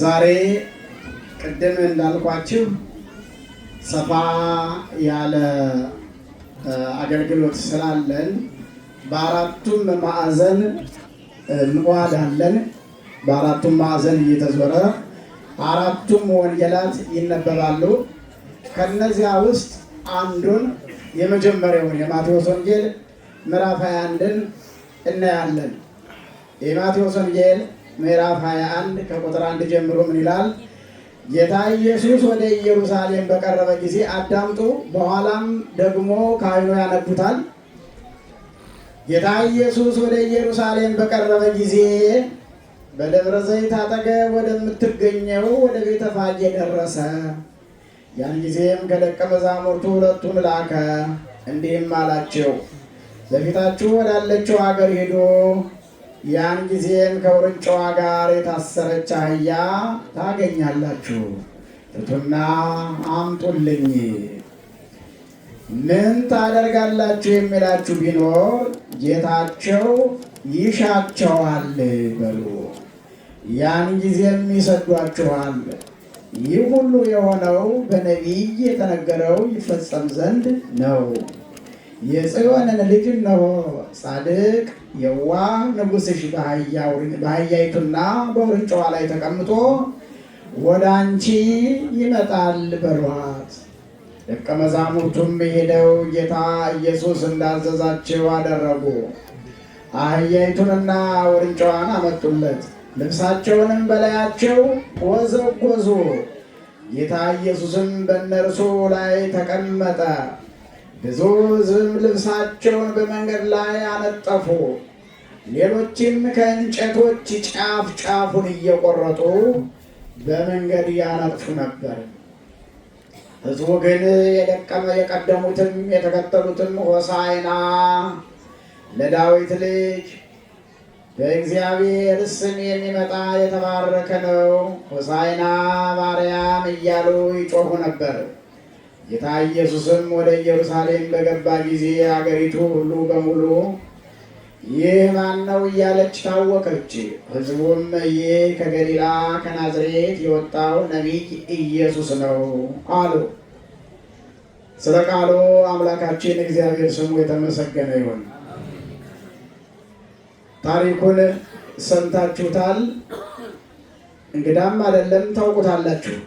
ዛሬ ቅድም እንዳልኳችሁ ሰፋ ያለ አገልግሎት ስላለን በአራቱም ማዕዘን ምዋድ አለን። በአራቱም ማዕዘን እየተዞረ አራቱም ወንጌላት ይነበባሉ። ከነዚያ ውስጥ አንዱን የመጀመሪያውን የማቴዎስ ወንጌል ምዕራፍ 21ን እናያለን። የማቴዎስ ወንጌል ምዕራፍ 21 ከቁጥር አንድ ጀምሮ ምን ይላል? ጌታ ኢየሱስ ወደ ኢየሩሳሌም በቀረበ ጊዜ አዳምጡ፣ በኋላም ደግሞ ካህኑ ያነቡታል። ጌታ ኢየሱስ ወደ ኢየሩሳሌም በቀረበ ጊዜ በደብረ ዘይት አጠገብ ወደምትገኘው ወደ ቤተ ፋጌ ደረሰ። ያን ጊዜም ከደቀ መዛሙርቱ ሁለቱን ላከ፣ እንዲህም አላቸው፣ በፊታችሁ ወዳለችው አገር ሄዶ ያን ጊዜም ከውርንጫዋ ጋር የታሰረች አህያ ታገኛላችሁ። ፍቱና አምጡልኝ። ምን ታደርጋላችሁ የሚላችሁ ቢኖር ጌታቸው ይሻቸዋል በሉ። ያን ጊዜም ይሰዷችኋል። ይህ ሁሉ የሆነው በነቢይ የተነገረው ይፈጸም ዘንድ ነው። የጽዮንን ልጅ ነው ጻድቅ የዋ ንጉሥሽ በአህያይቱና በውርንጫዋ ላይ ተቀምጦ ወደ አንቺ ይመጣል በሏት። ደቀ መዛሙርቱም ሄደው ጌታ ኢየሱስ እንዳዘዛቸው አደረጉ። አህያይቱንና ውርንጫዋን አመጡለት። ልብሳቸውንም በላያቸው ወዘጎዙ። ጌታ ኢየሱስም በእነርሱ ላይ ተቀመጠ። ብዙ ሕዝብም ልብሳቸውን በመንገድ ላይ አነጠፉ። ሌሎችም ከእንጨቶች ጫፍ ጫፉን እየቆረጡ በመንገድ ያነጥፉ ነበር። ሕዝቡ ግን የደቀመ የቀደሙትም የተከተሉትም ሆሳይና ለዳዊት ልጅ በእግዚአብሔር ስም የሚመጣ የተባረከ ነው፣ ሆሳይና ማርያም እያሉ ይጮኹ ነበር። ጌታ ኢየሱስም ወደ ኢየሩሳሌም በገባ ጊዜ አገሪቱ ሁሉ በሙሉ ይህ ማን ነው እያለች ታወቀች ሕዝቡም ይህ ከገሊላ ከናዝሬት የወጣው ነቢይ ኢየሱስ ነው አሉ። ስለ ቃሉ አምላካችን እግዚአብሔር ስሙ የተመሰገነ ይሁን። ታሪኩን ሰምታችሁታል፣ እንግዳም አይደለም ታውቁታላችሁ።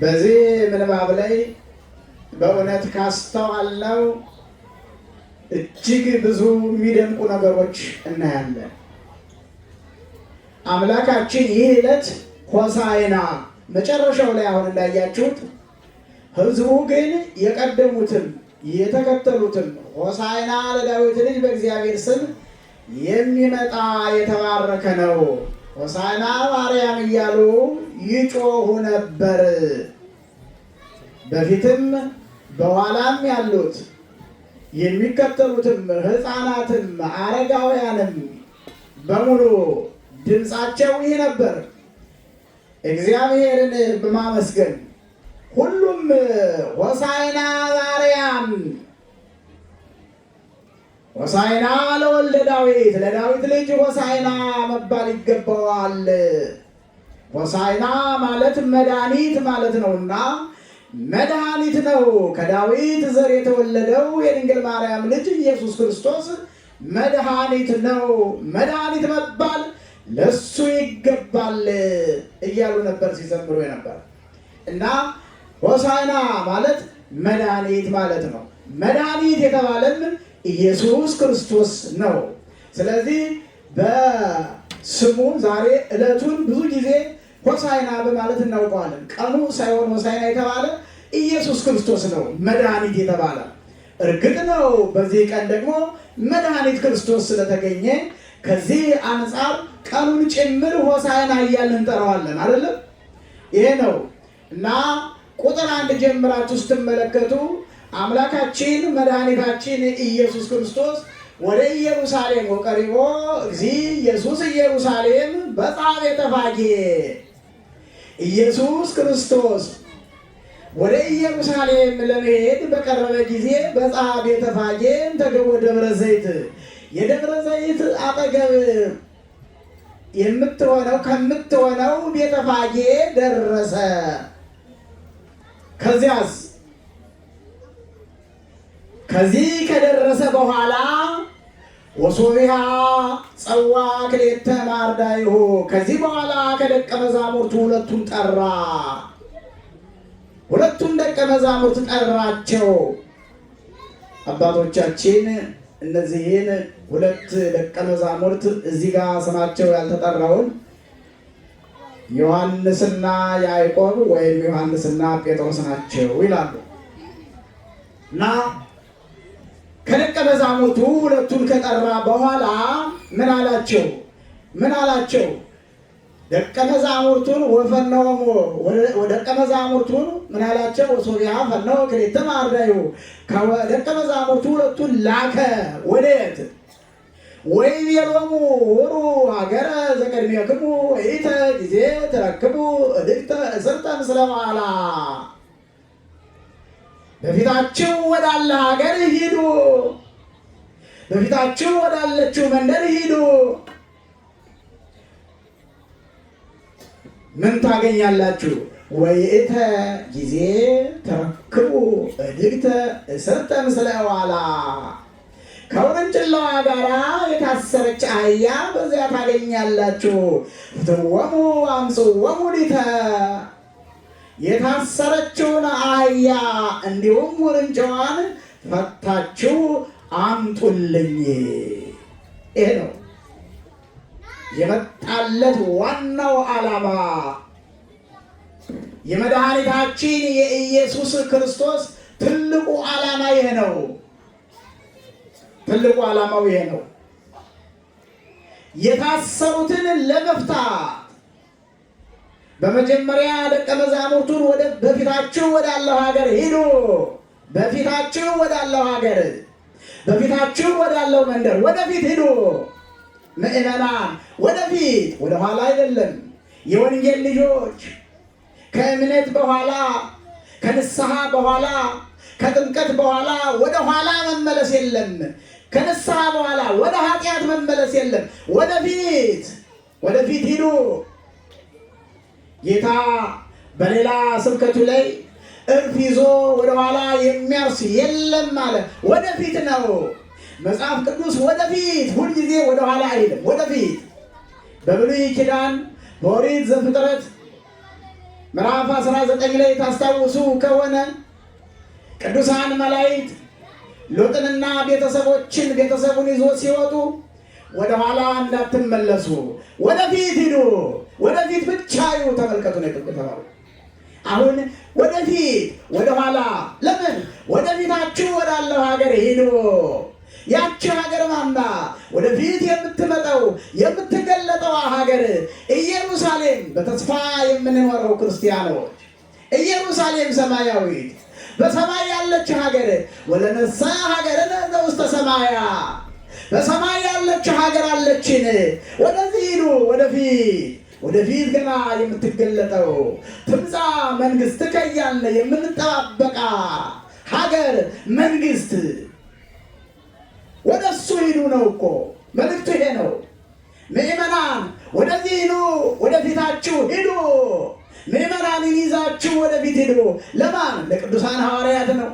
በዚህ ምንባብ ላይ በእውነት ካስተዋለው እጅግ ብዙ የሚደንቁ ነገሮች እናያለን። አምላካችን ይህ ዕለት ሆሳዕና መጨረሻው ላይ አሁን እንዳያችሁት ህዝቡ ግን የቀደሙትን የተከተሉትም ሆሳዕና ለዳዊት ልጅ በእግዚአብሔር ስም የሚመጣ የተባረከ ነው ሆሳዕና ማርያም እያሉ ይጮሁ ነበር። በፊትም በኋላም ያሉት የሚከተሉትም ሕፃናትም አረጋውያንም በሙሉ ድምፃቸው ይህ ነበር፣ እግዚአብሔርን በማመስገን ሁሉም ሆሳዕና ማርያም ሆሳይና ለወልደ ዳዊት ለዳዊት ልጅ ሆሳይና መባል ይገባዋል። ሆሳይና ማለት መድኃኒት ማለት ነውና መድኃኒት ነው። ከዳዊት ዘር የተወለደው የድንግል ማርያም ልጅ ኢየሱስ ክርስቶስ መድኃኒት ነው። መድኃኒት መባል ለሱ ይገባል እያሉ ነበር ሲዘምሩ የነበር እና ሆሳይና ማለት መድኃኒት ማለት ነው። መድኃኒት የተባለን ኢየሱስ ክርስቶስ ነው። ስለዚህ በስሙ ዛሬ ዕለቱን ብዙ ጊዜ ሆሳይና በማለት እናውቀዋለን። ቀኑ ሳይሆን ሆሳይና የተባለ ኢየሱስ ክርስቶስ ነው መድኃኒት የተባለ እርግጥ ነው። በዚህ ቀን ደግሞ መድኃኒት ክርስቶስ ስለተገኘ ከዚህ አንጻር ቀኑን ጭምር ሆሳይና እያልን እንጠራዋለን። አይደለም? ይሄ ነው እና ቁጥር አንድ ጀምራችሁ ስትመለከቱ አምላካችን መድኃኒታችን ኢየሱስ ክርስቶስ ወደ ኢየሩሳሌም ወቀሪቦ እግዚ ኢየሱስ ኢየሩሳሌም በጻቤተ ፋጌ ኢየሱስ ክርስቶስ ወደ ኢየሩሳሌም ለመሄድ በቀረበ ጊዜ በጻቤተ ፋጌ ተገቦ ደብረ ዘይት የደብረ ዘይት አጠገብ የምትሆነው ከምትሆነው ቤተፋጌ ደረሰ። ከዚያስ ከዚህ ከደረሰ በኋላ ወሶቢሃ ጸዋ ክሌተ ማርዳይሁ ከዚህ በኋላ ከደቀ መዛሙርቱ ሁለቱን ጠራ። ሁለቱን ደቀ መዛሙርት ጠራቸው። አባቶቻችን እነዚህን ሁለት ደቀ መዛሙርት እዚህ ጋር ስማቸው ያልተጠራውን ዮሐንስና ያዕቆብ ወይም ዮሐንስና ጴጥሮስ ናቸው ይላሉ እና ከደቀ መዛሙርቱ ሁለቱን ከጠራ በኋላ ምን አላቸው? ምን አላቸው? ደቀ መዛሙርቱን ወፈነወሞ ደቀ መዛሙርቱን ምን አላቸው? ሶቢያ ፈነወ ክሌትም አርዳዩ ደቀ መዛሙርቱ ሁለቱን ላከ ወዴት ወይም የሎሙ ወሩ ሀገረ ዘቀድሜክሙ ወይተ ጊዜ ትረክቡ እድግተ እስርተ ምስለ በዓላ በፊታችሁ ወዳለ ሀገር ሂዱ፣ በፊታችሁ ወዳለችው መንደር ሂዱ። ምን ታገኛላችሁ? ወይእተ ጊዜ ተረክቡ እድግተ እስርተ ምስለ ዋላ ከውርንጭላዋ ጋራ የታሰረች አህያ በዚያ ታገኛላችሁ። ፍትወሙ አምጽወሙ ዲተ የታሰረችውን አህያ እንዲሁም ውርንጫዋን ፈታችሁ አምጡልኝ። ይሄ ነው የመጣለት ዋናው ዓላማ። የመድኃኒታችን የኢየሱስ ክርስቶስ ትልቁ ዓላማ ይሄ ነው። ትልቁ ዓላማው ይሄ ነው። የታሰሩትን ለመፍታ በመጀመሪያ ደቀ መዛሙርቱን ወደ በፊታችሁ ወዳለው ሀገር ሂዱ። በፊታችሁ ወዳለው ሀገር፣ በፊታችሁ ወዳለው መንደር ወደፊት ሂዱ። ምዕመናን ወደፊት ወደኋላ አይደለም። የወንጌል ልጆች ከእምነት በኋላ ከንስሐ በኋላ ከጥምቀት በኋላ ወደ ኋላ መመለስ የለም። ከንስሐ በኋላ ወደ ኃጢአት መመለስ የለም። ወደፊት ወደፊት ሂዱ። ጌታ በሌላ ስብከቱ ላይ እርፍ ይዞ ወደኋላ የሚያርስ የለም አለ። ወደፊት ነው መጽሐፍ ቅዱስ ወደፊት፣ ሁልጊዜ ወደኋላ አይልም፣ ወደፊት በብሉይ ኪዳን በኦሪት ዘፍጥረት ምዕራፍ 19 ላይ ታስታውሱ ከሆነ ቅዱሳን መላእክት ሎጥንና ቤተሰቦችን ቤተሰቡን ይዞ ሲወጡ ወደኋላ እንዳትመለሱ ወደፊት ሂዱ ብቻ ይሁ ተመልከቱ ነው የተባለው። አሁን ወደፊት ወደኋላ ለምን ወደፊታችሁ ወዳለው ሀገር ሂዱ። ያቺ ሀገር ማማ ወደፊት የምትመጣው የምትገለጠው ሀገር ኢየሩሳሌም፣ በተስፋ የምንኖረው ክርስቲያኖች ኢየሩሳሌም ሰማያዊት በሰማይ ያለች ሀገር ወለነሳ ሀገርን ዘውስተ ሰማያ በሰማይ ያለች ሀገር አለችን። ወደዚህ ሂዱ ወደፊት ወደፊት ገና የምትገለጠው ትምፃ መንግስት ትከያለ የምንጠባበቃ ሀገር መንግስት ወደ እሱ ሂዱ ነው እኮ መልእክቱ ይሄ ነው። ምእመናን ወደዚህ ሂዱ፣ ወደፊታችሁ ሂዱ። ምእመናን ይዛችሁ ወደፊት ሂዱ። ለማን? ለቅዱሳን ሐዋርያት ነው።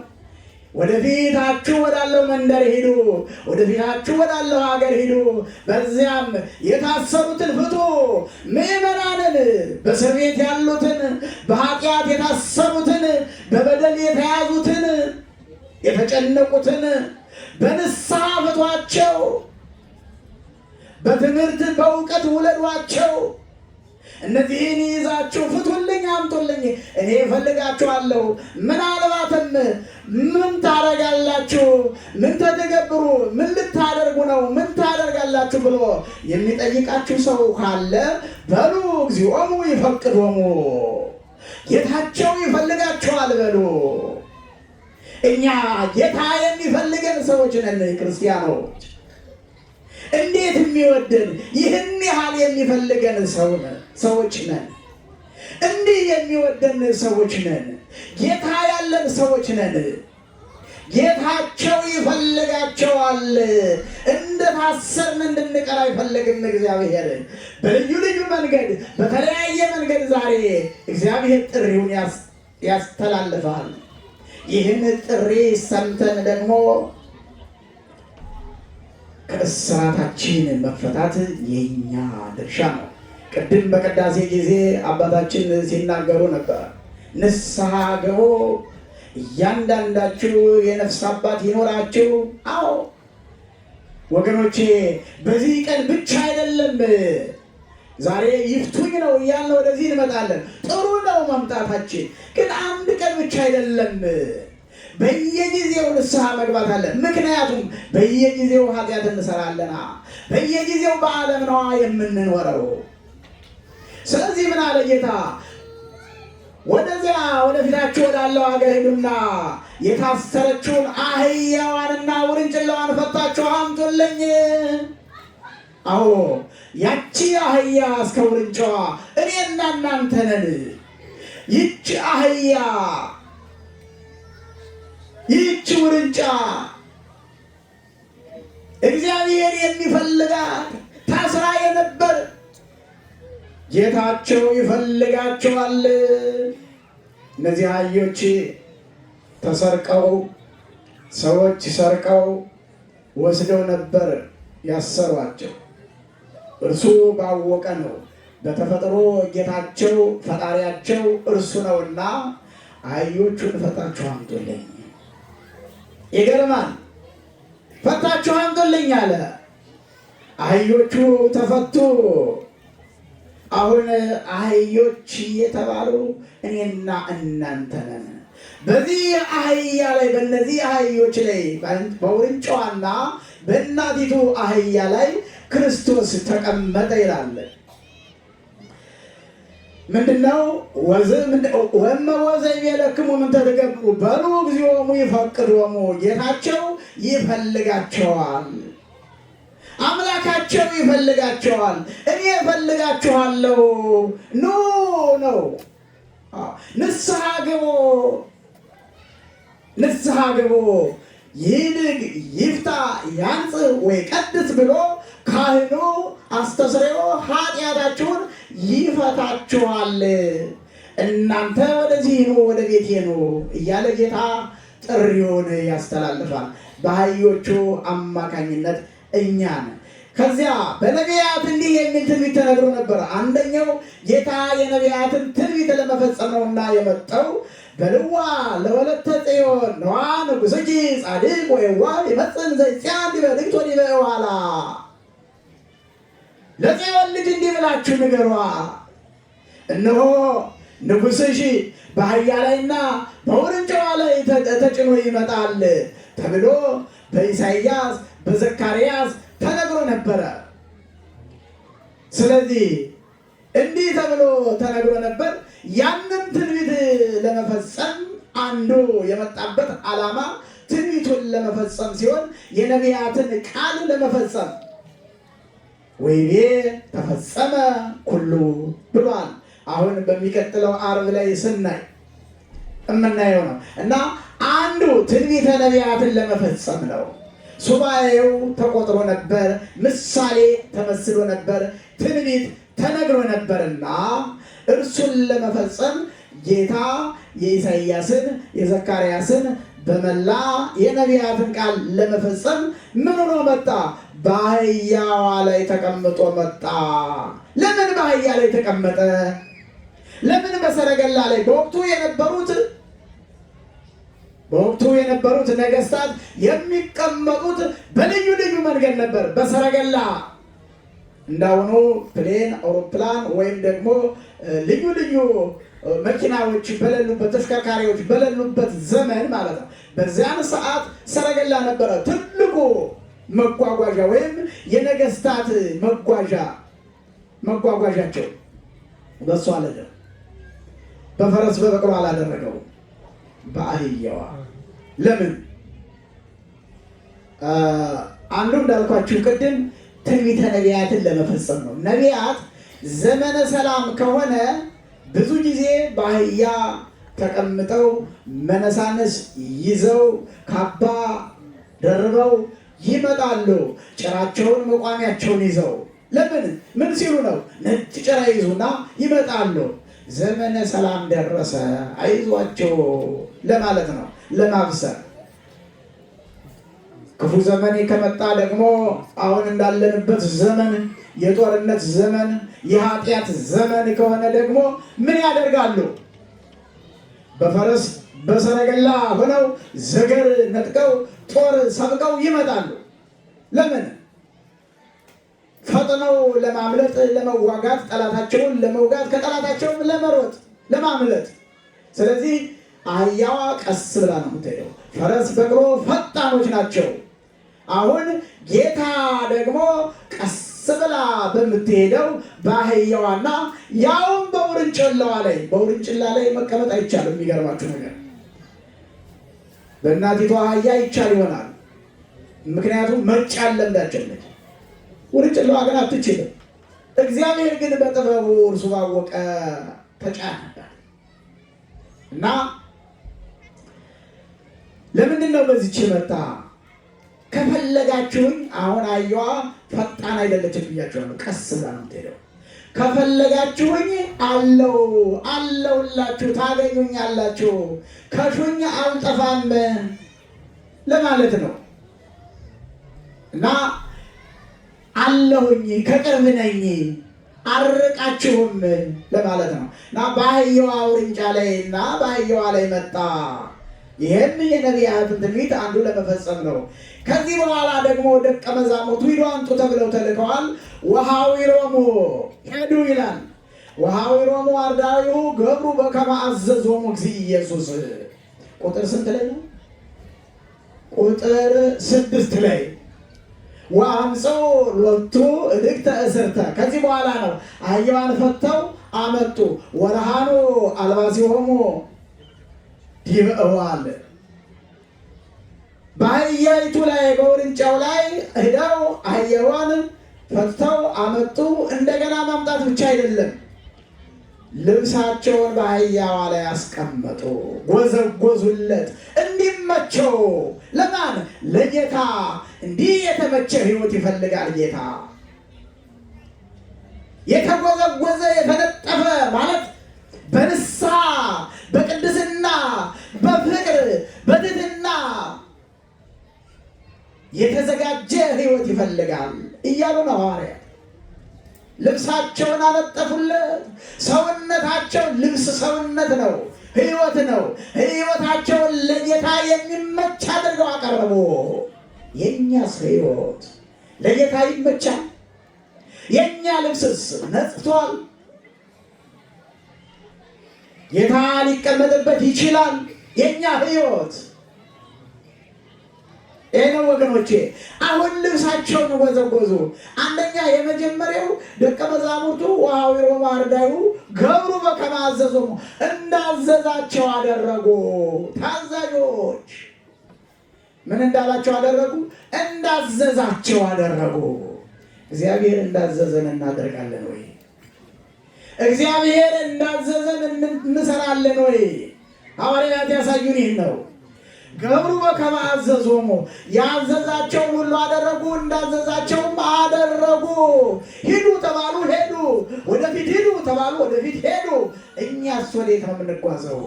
ወደፊታችሁ ወዳለው መንደር ሂዱ፣ ወደፊታችሁ ወዳለው ሀገር ሂዱ፣ በዚያም የታሰሩትን ፍቱ። ምዕመናንን፣ በእስር ቤት ያሉትን፣ በኃጢአት የታሰሩትን፣ በበደል የተያዙትን፣ የተጨነቁትን በንስሐ ፍቷቸው፣ በትምህርት በእውቀት ውለዷቸው። እነዚህን ይዛችሁ ፍቱልኝ፣ አምጡልኝ፣ እኔ እፈልጋችኋለሁ። ምናልባትም ምን ታደርጋላችሁ፣ ምን ተተገብሩ፣ ምን ልታደርጉ ነው፣ ምን ታደርጋላችሁ ብሎ የሚጠይቃችሁ ሰው ካለ በሉ እግዚኦሙ ይፈቅዶሙ፣ ጌታቸው ይፈልጋችኋል በሉ። እኛ ጌታ የሚፈልገን ሰዎች ነን ክርስቲያኖች። እንዴት የሚወድን ይህን ያህል የሚፈልገን ሰው ነን። ሰዎች ነን። እንዲህ የሚወደን ሰዎች ነን። ጌታ ያለን ሰዎች ነን። ጌታቸው ይፈልጋቸዋል። እንደ ታሰርን እንድንቀር አይፈለግም። እግዚአብሔር በልዩ ልዩ መንገድ፣ በተለያየ መንገድ ዛሬ እግዚአብሔር ጥሪውን ያስተላልፋል። ይህን ጥሪ ሰምተን ደግሞ ከእስራታችን መፈታት የኛ ድርሻ ነው። ቅድም በቅዳሴ ጊዜ አባታችን ሲናገሩ ነበር። ንስሐ ግቡ፣ እያንዳንዳችሁ የነፍስ አባት ይኖራችሁ። አዎ ወገኖቼ፣ በዚህ ቀን ብቻ አይደለም ዛሬ ይፍቱኝ ነው እያልን ወደዚህ እንመጣለን። ጥሩ ነው መምጣታችን፣ ግን አንድ ቀን ብቻ አይደለም። በየጊዜው ንስሐ መግባት አለን። ምክንያቱም በየጊዜው ኃጢአት እንሰራለና፣ በየጊዜው በዓለም ነዋ የምንኖረው። ስለዚህ ምን አለ ጌታ ወደዚያ ወደፊታችሁ ወዳለው ሀገር ሂዱና የታሰረችውን አህያዋንና ውርንጭላዋን ፈታችሁ አምጡልኝ። አዎ ያቺ አህያ እስከ ውርንጫዋ እኔና እናንተ ነን። ይቺ አህያ ይቺ ውርንጫ እግዚአብሔር የሚፈልጋት ታስራ የነበ ጌታቸው ይፈልጋቸዋል። እነዚህ አህዮች ተሰርቀው ሰዎች ሰርቀው ወስደው ነበር ያሰሯቸው። እርሱ ባወቀ ነው። በተፈጥሮ ጌታቸው ፈጣሪያቸው እርሱ ነውና አህዮቹን ፈታችሁ አምጡልኝ። ይገርማል። ፈታችሁ አምጡልኝ አለ። አህዮቹ ተፈቱ። አሁን አህዮች እየተባሉ እኔና እናንተ ነን። በዚህ አህያ ላይ በእነዚህ አህዮች ላይ በውርንጫዋና በእናቲቱ አህያ ላይ ክርስቶስ ተቀመጠ ይላል። ምንድነው? ወመወዘ ይቤለክሙ ምን ትገብሩ በሉ እግዚኦሙ ይፈቅዶሙ፣ ጌታቸው ይፈልጋቸዋል። አምላካቸው ይፈልጋቸዋል። እኔ እፈልጋችኋለሁ ኑ ነው። ንስሐ ግቡ፣ ንስሐ ግቡ። ይፍታ ያንጽ ወይ ቀድስ ብሎ ካህኑ አስተስሬዎ ኃጢአታችሁን ይፈታችኋል። እናንተ ወደዚህ ኑ፣ ወደ ቤቴ ኑ እያለ ጌታ ጥሪውን ያስተላልፋል በአህዮቹ አማካኝነት እኛ ነን። ከዚያ በነቢያት እንዲህ የሚል ትንቢት ተነግሮ ነበር። አንደኛው ጌታ የነቢያትን ትንቢት ለመፈጸም ነውና የመጣው በልዋ ለወለተ ጽዮን ነዋ እጂ ጻድቅ ወይዋ ይመጽእ እንዘይጽአ ዲበ ንግሥት ወዲበ ለጽዮን ልጅ እንዲህ ብላችሁ ንገሯ፣ እነሆ ንጉሥሽ በአህያ ላይና በውርንጫዋ ላይ ተጭኖ ይመጣል ተብሎ በኢሳይያስ በዘካርያስ ተነግሮ ነበረ። ስለዚህ እንዲህ ተብሎ ተነግሮ ነበር። ያንን ትንቢት ለመፈጸም አንዱ የመጣበት ዓላማ ትንቢቱን ለመፈጸም ሲሆን የነቢያትን ቃል ለመፈጸም ወይቤ ተፈጸመ ኩሉ ብሏል። አሁን በሚቀጥለው ዓርብ ላይ ስናይ የምናየው ነው እና አንዱ ትንቢተ ነቢያትን ለመፈጸም ነው። ሱባኤው ተቆጥሮ ነበር፣ ምሳሌ ተመስሎ ነበር፣ ትንቢት ተነግሮ ነበርና እርሱን ለመፈጸም ጌታ የኢሳይያስን የዘካርያስን በመላ የነቢያትን ቃል ለመፈጸም ምን ሆኖ መጣ? በአህያዋ ላይ ተቀምጦ መጣ። ለምን በአህያ ላይ ተቀመጠ? ለምን በሰረገላ ላይ? በወቅቱ የነበሩት በወቅቱ የነበሩት ነገስታት የሚቀመጡት በልዩ ልዩ መንገድ ነበር። በሰረገላ እንዳሁኑ ፕሌን፣ አውሮፕላን ወይም ደግሞ ልዩ ልዩ መኪናዎች በሌሉበት ተሽከርካሪዎች በሌሉበት ዘመን ማለት ነው። በዚያን ሰዓት ሰረገላ ነበረ ትልቁ መጓጓዣ ወይም የነገስታት መጓዣ መጓጓዣቸው። በእሱ አለ በፈረስ በበቅሎ አላደረገውም። በአህያዋ ለምን አንዱ እንዳልኳችሁ ቅድም ትንቢተ ነቢያትን ለመፈጸም ነው። ነቢያት ዘመነ ሰላም ከሆነ ብዙ ጊዜ በአህያ ተቀምጠው መነሳነስ ይዘው ካባ ደርበው ይመጣሉ። ጭራቸውን መቋሚያቸውን ይዘው ለምን ምን ሲሉ ነው? ነጭ ጭራ ይዙና ይመጣሉ። ዘመነ ሰላም ደረሰ አይዟቸው ለማለት ነው፣ ለማብሰር ክፉ ዘመን ከመጣ ደግሞ አሁን እንዳለንበት ዘመን የጦርነት ዘመን የኃጢአት ዘመን ከሆነ ደግሞ ምን ያደርጋሉ? በፈረስ በሰረገላ ሆነው ዘገር ነጥቀው ጦር ሰብቀው ይመጣሉ። ለምን ፈጥነው ለማምለጥ ለመዋጋት፣ ጠላታቸውን ለመውጋት፣ ከጠላታቸውም ለመሮጥ ለማምለጥ። ስለዚህ አህያዋ ቀስ ብላ ነው የምትሄደው። ፈረስ በቅሎ ፈጣኖች ናቸው። አሁን ጌታ ደግሞ ቀስ ብላ በምትሄደው በአህያዋና ያውም በውርንጭላዋ ላይ በውርንጭላ ላይ መቀመጥ አይቻልም። የሚገርማችሁ ነገር በእናቲቷ አህያ ይቻል ይሆናል። ምክንያቱም መርጫ አለምዳቸለች ወደ ጨለማ ግን አትችልም። እግዚአብሔር ግን በጥበቡ እርሱ ባወቀ ተጫነባት እና ለምንድን ነው በዚች የመጣ ከፈለጋችሁኝ አሁን አየዋ ፈጣን አይደለችም ብያችኋለሁ። ቀስ ብላ ነው የምትሄደው። ከፈለጋችሁኝ አለው አለውላችሁ ታገኙኛላችሁ፣ ከሹኝ አልጠፋም ለማለት ነው እና አለሁኝ ከቅርብ ነኝ አርቃችሁም ለማለት ነው። እና በአህያዋ ውርንጫ ላይ እና በአህያዋ ላይ መጣ። ይህም የነቢያትን ትንቢት አንዱ ለመፈጸም ነው። ከዚህ በኋላ ደግሞ ደቀ መዛሙርቱ ሂዱ አንጡ ተብለው ተልከዋል። ውሃዊ ሮሙ ሄዱ ይላል። ውሃዊ ሮሙ አርዳዊሁ ገብሩ በከመ አዘዞሙ እግዚእ ኢየሱስ ቁጥር ስንት ላይ ነው? ቁጥር ስድስት ላይ ወአምፀው ሎቱ እልክተ እስርተ ከዚህ በኋላ ነው አህያዋን ፈተው አመጡ። ወረሃኑ አልባሲሆሙ ዲበ እዋል በአህያይቱ ላይ በውርንጫው ላይ ሂደው አህያዋን ፈተው አመጡ። እንደገና ማምጣት ብቻ አይደለም ልብሳቸውን በአህያዋ ላይ አስቀመጡ፣ ጎዘጎዙለት እንዲመቸው ለማን ለጌታ እንዲህ የተመቸ ህይወት ይፈልጋል ጌታ። የተጎዘጎዘ የተነጠፈ ማለት በንሳ በቅድስና በፍቅር በትህትና የተዘጋጀ ህይወት ይፈልጋል እያሉ ነው ልብሳቸውን አነጠፉለት። ሰውነታቸው ልብስ ሰውነት ነው፣ ህይወት ነው። ህይወታቸውን ለጌታ የሚመች አድርገው አቀረቡ። የእኛስ ህይወት ለጌታ ይመቻል? የእኛ ልብስስ ነጽቷል? ጌታ ሊቀመጥበት ይችላል? የእኛ ህይወት ይህ ወገኖቼ። አሁን ልብሳቸውን ወዘጎዙ አንደኛ የመጀመሪያው ደቀ መዛሙርቱ ውሃዊ ሮማርዳዩ ገብሩ በከመ እንዳዘዛቸው አደረጉ። ታዛዦች ምን እንዳላቸው አደረጉ? እንዳዘዛቸው አደረጉ። እግዚአብሔር እንዳዘዘን እናደርጋለን ወይ? እግዚአብሔር እንዳዘዘን እንሰራለን ወይ? ሐዋርያት ያሳዩን ይህን ነው። ገብሩ በከመ አዘዞሙ ያዘዛቸውን ሁሉ አደረጉ፣ እንዳዘዛቸውም አደረጉ። ሂዱ ተባሉ ሄዱ፣ ወደፊት ሂዱ ተባሉ ወደፊት ሄዱ። እኛስ ወዴት ነው የምንጓዘው?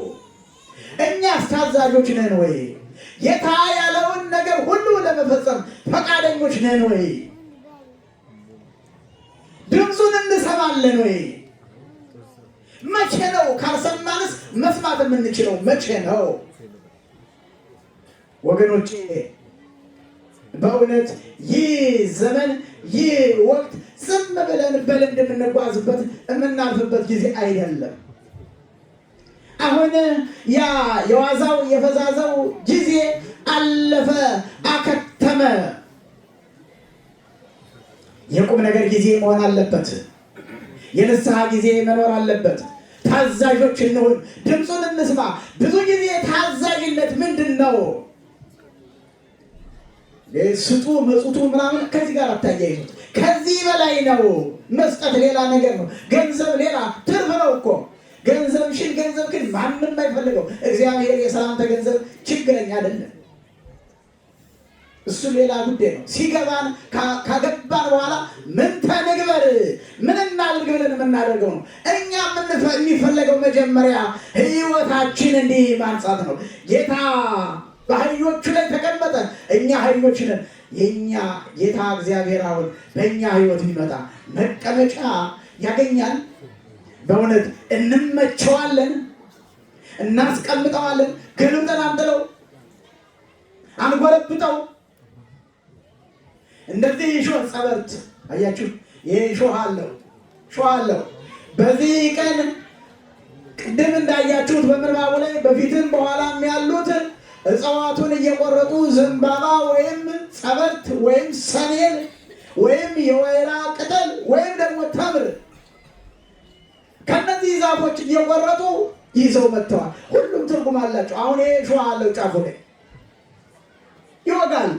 እኛስ ታዛዦች ነን ወይ? ጌታ ያለውን ነገር ሁሉ ለመፈጸም ፈቃደኞች ነን ወይ? ድምፁን እንሰማለን ወይ? መቼ ነው? ካልሰማንስ መስማት የምንችለው መቼ ነው? ወገኖቼ በእውነት ይህ ዘመን ይህ ወቅት ዝም ብለን በልምድ የምንጓዝበት የምናልፍበት ጊዜ አይደለም። አሁን ያ የዋዛው የፈዛዛው ጊዜ አለፈ፣ አከተመ። የቁም ነገር ጊዜ መሆን አለበት። የንስሐ ጊዜ መኖር አለበት። ታዛዦች እንሁን፣ ድምፁን እንስማ። ብዙ ጊዜ ታዛዥነት ምንድን ነው? ስጡ መጽቱ ምናምን ከዚህ ጋር አታያይዙት። ከዚህ በላይ ነው መስጠት። ሌላ ነገር ነው። ገንዘብ ሌላ ትርፍ ነው እኮ ገንዘብሽን ገንዘብ ግን ማንም አይፈልገው። እግዚአብሔር የሰላምተ ገንዘብ ችግረኛ አይደለም። እሱ ሌላ ጉዳይ ነው። ሲገባን ካገባን በኋላ ምን ተንግበር ምን እናድርግ ብለን የምናደርገው ነው። እኛ የሚፈለገው መጀመሪያ ህይወታችን እንዲህ ማንጻት ነው። ጌታ በአህዮቹ ላይ ተቀመጠ። እኛ አህዮች ነን። የእኛ ጌታ እግዚአብሔር አሁን በእኛ ህይወት ቢመጣ መቀመጫ ያገኛል። በእውነት እንመቸዋለን፣ እናስቀምጠዋለን፣ ገልብጠን አንጥለው አንጎለብጠው። እንደዚህ የሾህ ጸበርት አያችሁ፣ ይሄ ሾህ አለው፣ ሾህ አለው። በዚህ ቀን ቅድም እንዳያችሁት በምንባቡ ላይ በፊትም በኋላም ያሉት እጽዋቱን እየቆረጡ ዘንባባ ወይም ጸበርት ወይም ሰሜን ወይም የወይራ ቅጠል ወይም ደግሞ ተምር ከነዚህ ዛፎች እየቆረጡ ይዘው መጥተዋል። ሁሉም ትርጉም አላቸው። አሁን ይሄ ሸዋ አለው ጫፉ ላይ ይወጋል፣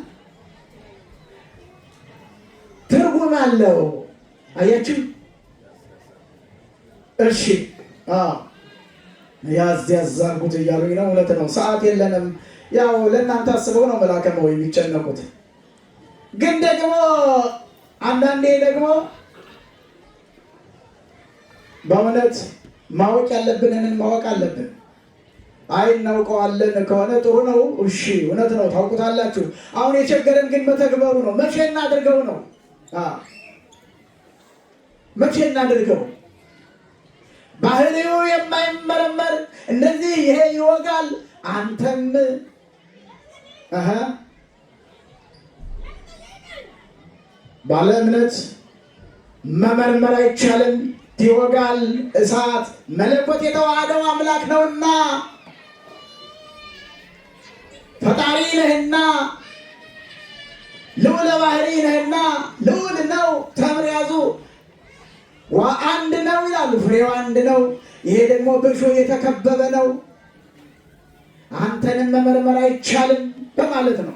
ትርጉም አለው። አያችን እሺ ያዝ ያዛርጉት እያሉኝ ነው። እውነት ነው፣ ሰዓት የለንም። ያው ለእናንተ አስበው ነው መላከመው የሚጨነቁት ግን ደግሞ አንዳንዴ ደግሞ በእውነት ማወቅ ያለብንንን ማወቅ አለብን። አይ እናውቀዋለን ከሆነ ጥሩ ነው፣ እሺ እውነት ነው፣ ታውቁታላችሁ። አሁን የቸገረን ግን መተግበሩ ነው። መቼ እናድርገው ነው? መቼ እናድርገው? ባህሪው የማይመረመር እንደዚህ ይሄ ይወጋል፣ አንተም ባለ እምነት መመርመር አይቻልም። ይወጋል እሳት መለኮት የተዋሃደው አምላክ ነውና ፈጣሪ ነህና ልዑለ ባህሪ ነህና ልዑል ነው ተምሪያዙ አንድ ነው ይላሉ። ፍሬው አንድ ነው። ይሄ ደግሞ በእሾህ የተከበበ ነው። አንተንም መመርመር አይቻልም በማለት ነው።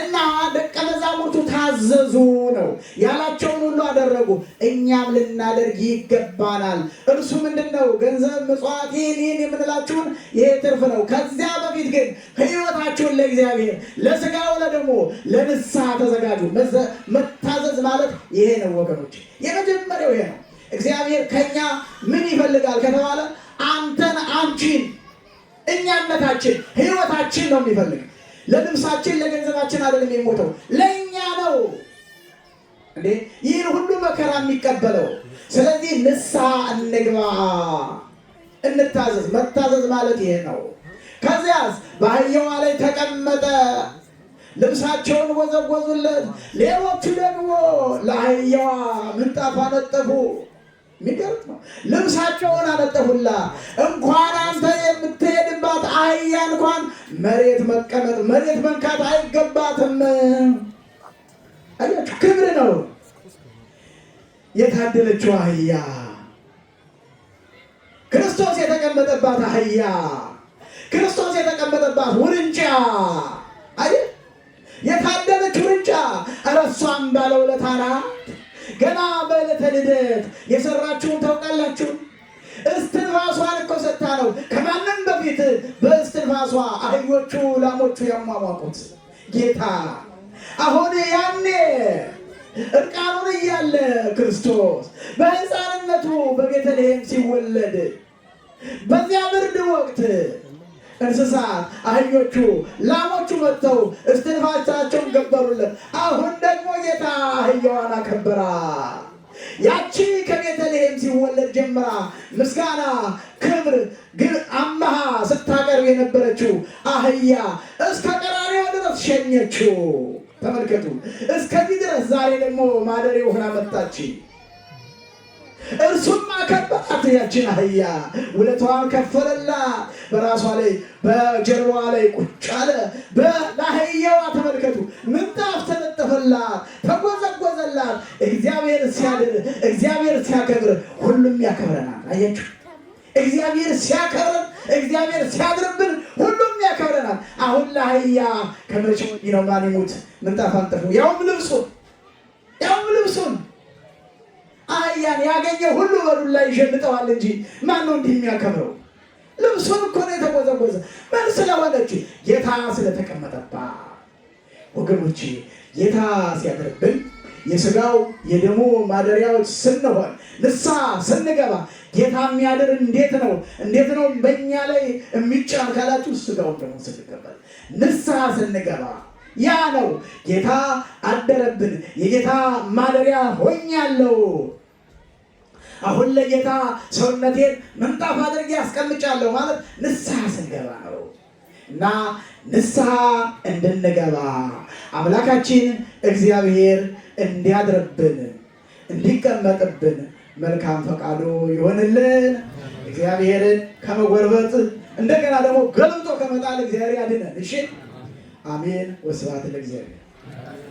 እና ደቀ መዛሙርቱ ታዘዙ ነው ያላቸውን ሁሉ አደረጉ። እኛም ልናደርግ ይገባናል። እርሱ ምንድን ነው? ገንዘብ፣ ምጽዋት፣ ይህን የምንላችሁን ይሄ ትርፍ ነው። ከዚያ በፊት ግን ህይወታችሁን ለእግዚአብሔር ለስጋው ለደግሞ ለንስሐ ተዘጋጁ። መታዘዝ ማለት ይሄ ነው ወገኖች፣ የመጀመሪያው ይሄ ነው። እግዚአብሔር ከኛ ምን ይፈልጋል ከተባለ አንተን፣ አንቺን፣ እኛነታችን፣ ህይወታችን ነው የሚፈልግ ለልብሳችን ለገንዘባችን አይደለም የሞተው ለእኛ ነው እንዴ ይህን ሁሉ መከራ የሚቀበለው። ስለዚህ ንስሐ እንግባ፣ እንታዘዝ። መታዘዝ ማለት ይሄ ነው። ከዚያስ በአህያዋ ላይ ተቀመጠ፣ ልብሳቸውን ወዘወዙለት። ሌሎቹ ደግሞ ለአህያዋ ምንጣፍ አነጠፉ። የሚገርም ነው። ልብሳቸውን አነጠፉላ። እንኳን አንተ የምትሄድባት አህያ እንኳን መሬት መቀመጥ መሬት መንካት አይገባትም። አያችሁ፣ ክብር ነው። የታደለችው አህያ ክርስቶስ የተቀመጠባት አህያ ክርስቶስ የተቀመጠባት ውርንጫ አየ የታደለች ውርንጫ እረሷም ባለውለታ ገና በዕለተ ልደት የሰራችሁን ታውቃላችሁ። እስትንፋሷን እኮ ሰጥታ ነው ከማንም በፊት በእስትንፋሷ አህዮቹ ላሞቹ ያሟሟቁት ጌታ። አሁን ያኔ እርቃኑን እያለ ክርስቶስ በሕፃንነቱ በቤተልሔም ሲወለድ በዚያ ብርድ ወቅት እንስሳት አህዮቹ፣ ላሞቹ መጥተው እስትንፋቻቸውን ገበሩለት። አሁን ደግሞ ጌታ አህያዋን አከበራ። ያቺ ከቤተልሔም ሲወለድ ጀምራ ምስጋና ክብር ግን አመሃ ስታቀርብ የነበረችው አህያ እስከ ቀራንዮ ድረስ ሸኘችው። ተመልከቱ፣ እስከዚህ ድረስ ዛሬ ደግሞ ማደሪያ ሆና መጣች። እርሱም አከበራት ያችን አህያ ውለታዋን ከፈለላ በራሷ ላይ በጀርባዋ ላይ ቁጭ አለ። ለአህያዋ ተመልከቱ ምንጣፍ ተነጠፈላት፣ ተጎዘጎዘላት። እግዚአብሔር ሲያድር፣ እግዚአብሔር ሲያከብር ሁሉም ያከብረናል። አያችሁ እግዚአብሔር ሲያከብረን፣ እግዚአብሔር ሲያድርብን ሁሉም ያከብረናል። አሁን ለአህያ ከመቼ ወዲህ ነው ማን ይሙት ምንጣፍ አንጥፉ ያውም ልብሱን ያውም ልብሱን አህያን ያገኘ ሁሉ በዱላ ይሸልጠዋል እንጂ ማን ነው እንዲህ የሚያከብረው? ልብሱን እኮ ነው የተጎዘጎዘ ምን ስለሆነች ጌታ ስለተቀመጠባ። ወገኖች ጌታ ሲያደርብን የስጋው የደሙ ማደሪያዎች ስንሆን ንሳ ስንገባ ጌታ የሚያድር እንዴት ነው? እንዴት ነው በእኛ ላይ የሚጫን ካላችሁ ስጋው ደግሞ ስንቀበል ንሳ ስንገባ ያ ነው ጌታ አደረብን። የጌታ ማደሪያ ሆኛለሁ። አሁን ለጌታ ሰውነቴን ምንጣፍ አድርጌ ያስቀምጫለሁ ማለት ንስሐ ስንገባ ነው። እና ንስሐ እንድንገባ አምላካችን እግዚአብሔር እንዲያድርብን እንዲቀመጥብን መልካም ፈቃዱ ይሆንልን። እግዚአብሔርን ከመጎርበጥ እንደገና ደግሞ ገልብጦ ከመጣል እግዚአብሔር ያድነን። እሺ፣ አሜን። ወስብሐት ለእግዚአብሔር።